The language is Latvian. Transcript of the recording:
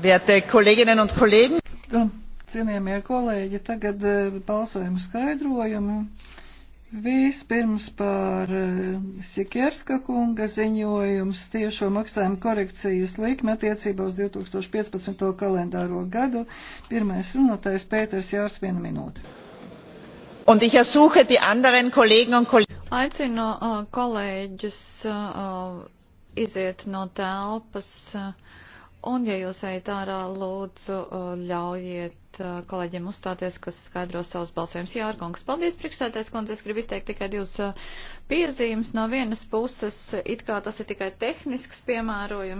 Vietē kolēģinien un kolēģi. Cienījamie kolēģi, tagad eh, balsojumu skaidrojumi. Vispirms par eh, Sikerska kunga ziņojums tiešo maksājumu korekcijas likme attiecībā uz 2015. kalendāro gadu. Pirmais runātājs Pēters Jārs viena minūte. Un ich ersuche die anderen Kollegen un Kollegen. Aicinu uh, kolēģus uh, iziet no telpas. Uh, Un, ja jūs ejat ārā, lūdzu, uh, ļaujiet uh, kolēģiem uzstāties, kas skaidro savus balsojumus. Jārkungs, paldies, priekšsētais kundze, es gribu izteikt tikai divas uh, piezīmes. No vienas puses, it kā tas ir tikai tehnisks piemērojums,